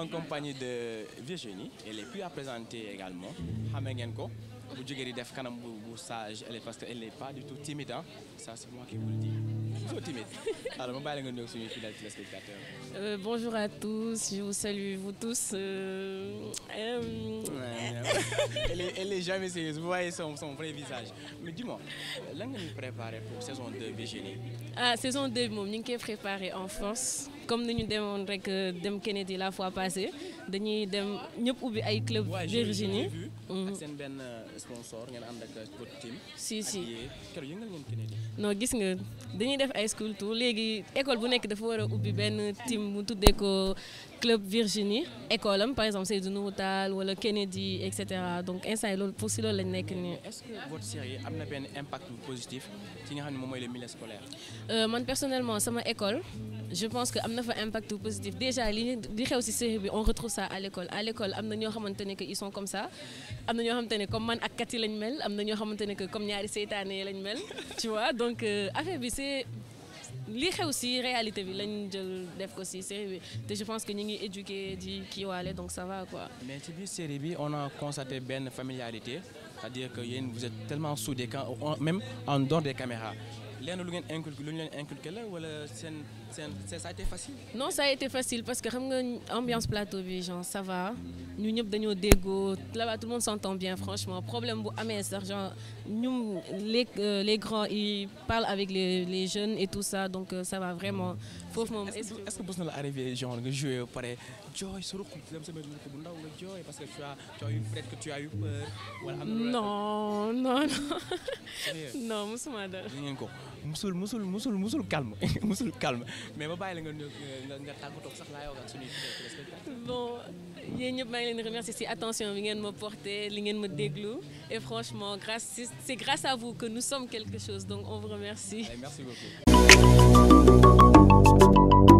en compagnie de Virginie. Elle est plus à présenter également. Hamengenko. elle est n'est pas du tout timide. Hein. Ça, c'est moi qui vous le dis. Trop timide. Alors, je vais vous sur téléspectateurs. Euh, bonjour à tous, je vous salue, vous tous. Euh, euh, elle n'est jamais sérieuse, vous voyez son, vrai visage. Mais dis-moi, qu'est-ce que pour saison 2 Virginie Ah, saison 2, je suis préparé en France comme ni ñu demoon rek euh, dem Kennedy la fois passée dañuy dem ñëpp ubbi ay club Virginie. Mm. ak seen benn euh, sponsor ngeen ànd ak coach euh, team. si si keroog yëngal ngeen Kennedy. non gis nga dañuy def ay school tour léegi école bu nekk dafa war a ben team mu tuddee ko club Virginie école par exemple c'est du Nourou Tall wala Kennedy et cetera donc instant loolu pour si loolu lañ nekk nii. est-ce que votre série am na impact positif ci nga xam ne moom mooy le milieu scolaire. man personnellement sama école je pense que amna fa impact positif déjà li li xew ci série bi on retrouve ça à l'école à l'école amna ño ñoo que ils sont comme ça amna ño ñoo comme man ak kati lañ mel amna ño ñoo que comme ñaari seytaane lañ mel tu vois donc euh, affaire bi c'est li xew ci réalité bi lañ jël def ko ci série bi te je pense que ñi ngi éduquer di kiiwaale donc ça va quoi. mais ci biir série bi on a constaté ben familiarité c'est-à-dire que yéen vous êtes tellement soudés quand même en dehors des caméras lenn lu ngeen inculqué lu ñu leen inculqué la wala seen seen ça a été facile. non ça a été facile parce que xam nga ambiance plateau bi genre ça va ñu ñëpp dañoo déggoo là-bas tout le monde s'entend bien franchement problème bu amee sax genre ñum les euh, les grands ils parlent avec les les jeunes et tout ça donc euh, ça va vraiment foofu moom. est ce que bës na la arrivé genre nga joué ba pare jooy su ruq dem sama ruq bu ndaw nga jooy parce que tu as tu as eu peut-être que tu as eu peur. wala am non non non non musuma dara musul musul musul musul calme musul calme mais ma bàyyi la nga nga tok sax la yow ak suñuy bon je vous remercie ngi leen remercier ci attention bi ngeen ma porté li ngeen ma déglu et franchement grâce c'est grâce à vous que nous sommes quelque chose donc on vous remercie. merci beaucoup.